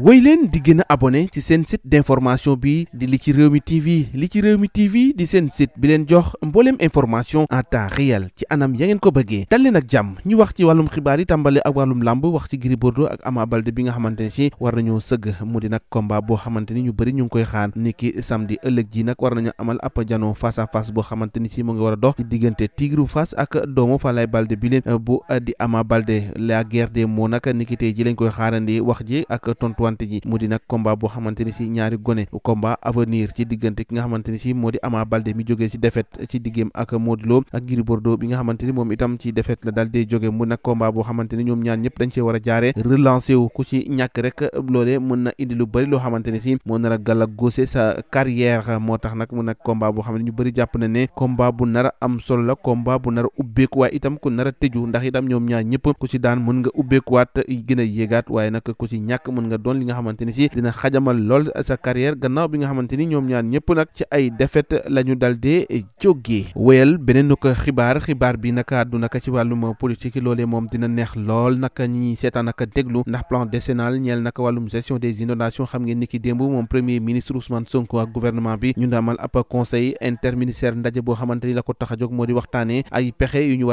wëy leen di gën a abonné ci seen site d'information bi di li ci réew mi TV li ci réew mi TV di seen sit bi leen jox mbooleem information en temps réel ci anam ya ngeen ko bëggee dal leen ak jàmm ñu wax ci wàllum xibaar yi tàmbale ak wàllum làmb wax ci Gris ak Ama Baldé bi nga xamante ne si war nañoo sëgg mu di nag combat boo xamante ni ñu bëri ñu ngi koy xaan ni ki samedi ëllëg ji nag war nañu amal ab jano face à boo xamante ni si mu ngi war a dox ci diggante Tigre Fass ak doomu Falaye Baldé bi leen bu di Ama Baldé la ki tey ji lañ koy xaarandi wax ji ak tontu jàppante ji mu di nag combat boo xamante ni si ñaari gone combat avenir ci diggante ki nga xamante ni si moo di Ama Baldé mi jógee ci défaite ci diggéem ak Modou Lo ak Gris Bordeaux bi nga xamante ni moom itam ci défaite la daal dee jóge mu nag combat boo xamante ni ñoom ñaan ñëpp dañ cee war a jaare relancer wu ku ci ñàkk rek loolee mën na indi lu bëri loo xamante ni si moo nar a gàllagoose sa carrière moo tax nag mu nag combat boo xam ne ñu bëri jàpp na ne combat bu nar a am solo la combat bu nar a ubbeeku waaye itam ku nar a tëju ndax itam ñoom ñaan ñëpp ku ci daan mën nga ubbeekuwaat gën a yéegaat waaye nag ku ci ñàkk mën nga doon li nga xamante ni si dina xajamal lool sa carrière gannaaw bi nga xamante ni ñoom ñaan ñëpp nag ci ay défaite la ñu dal di jógee wéyal beneen ko xibaar xibaar bi naka àddu naka ci wàllum politique loolee moom dina neex lool naka ñi seetaan naka déglu ndax plan décennal ñeel naka wàllum gestion des inondations xam ngeen ni ki démb moom premier ministre Ousmane Sonko ak gouvernement bi ñu daamal ab conseil interministériel ndaje boo xamante la ko tax a jóg moo di waxtaanee ay pexe yu ñu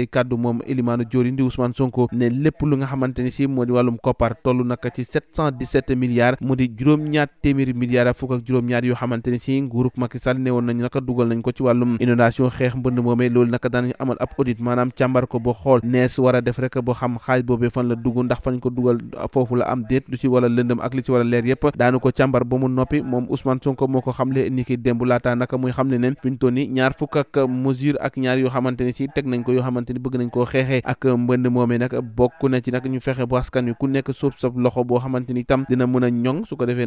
yëkkatee kàddu moom Elimane Diori di Ousmane Sonko ne lépp lu nga xamante si moo di wàllum koppar toll naka ci 717 milliards mu di juróom-ñaar téeméeri milliards ak fukk juróom-ñaar yoo xamante si nguurug Macky ne woon nañu naka dugal nañ ko ci wàllum inondation xeex mbënd moomee loolu naka daanañu amal ab audit maanaam càmbar ko ba xool nees war def rek ba xam xaaj boobee la dugg ndax fañ ko dugal foofu la am déet lu si xamante ni bëgg nañ koo xeexee ak mbënd moomee nag bokk na ci nag ñu fexe bu askan wi ku nekk sóob sab loxo boo xamante ni dina mën a ñoŋ su ko defee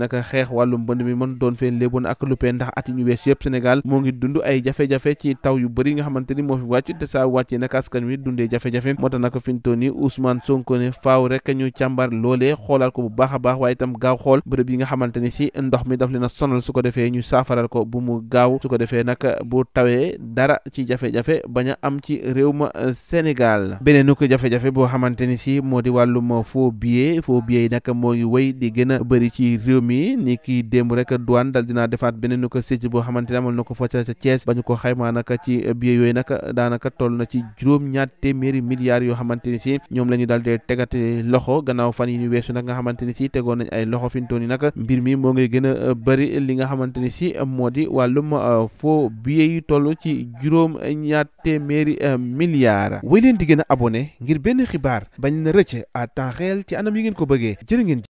nag moo ngi dund ay jafe-jafe ci taw yu bëri nga xamante ni moo fi wàcc te saa wàccee nag askan wi dundee jafe-jafe moo tax nag fintoon yi Ousmane Sonko ne faaw ñu càmbar loolee xoolaat ko bu baax waaye itam gaaw xool bërëb yi nga xamante si ndox mi daf leen a sonal ko defee ñu saafaral ko bu mu gaaw su ko defee nag bu tawee dara ci jafe-jafe bañ a am ci réew ma Sénégal beneenu ko jafe-jafe boo xamante ni si moo di wàllum faux billets faux billets yi nag moo ngi di gën a bëri ci réew mi ni ki démb rek douane dal dinaa defaat beneenu ko site boo xamante ne amal na ko fa ca Thiès ba ñu ko xaymaa nag ci daanaka toll na ci juróom-ñaar téeméeri milliards yoo xamante ni si ñoom la ñu daal di tegate loxo gannaaw fan yi ñu weesu nag nga xamante ni si tegoon nañ ay loxo fi mu toll nag mbir mi moo ngi gën a bëri li nga xamante ni si moo di wàllum faux billets yu toll ci juróom-ñaar téeméeri milliards Daara wéy leen di gën a abonné ngir benn xibaar bañ na rëcc à temps réel ci anam yi ngeen ko bëggee jërë ngeen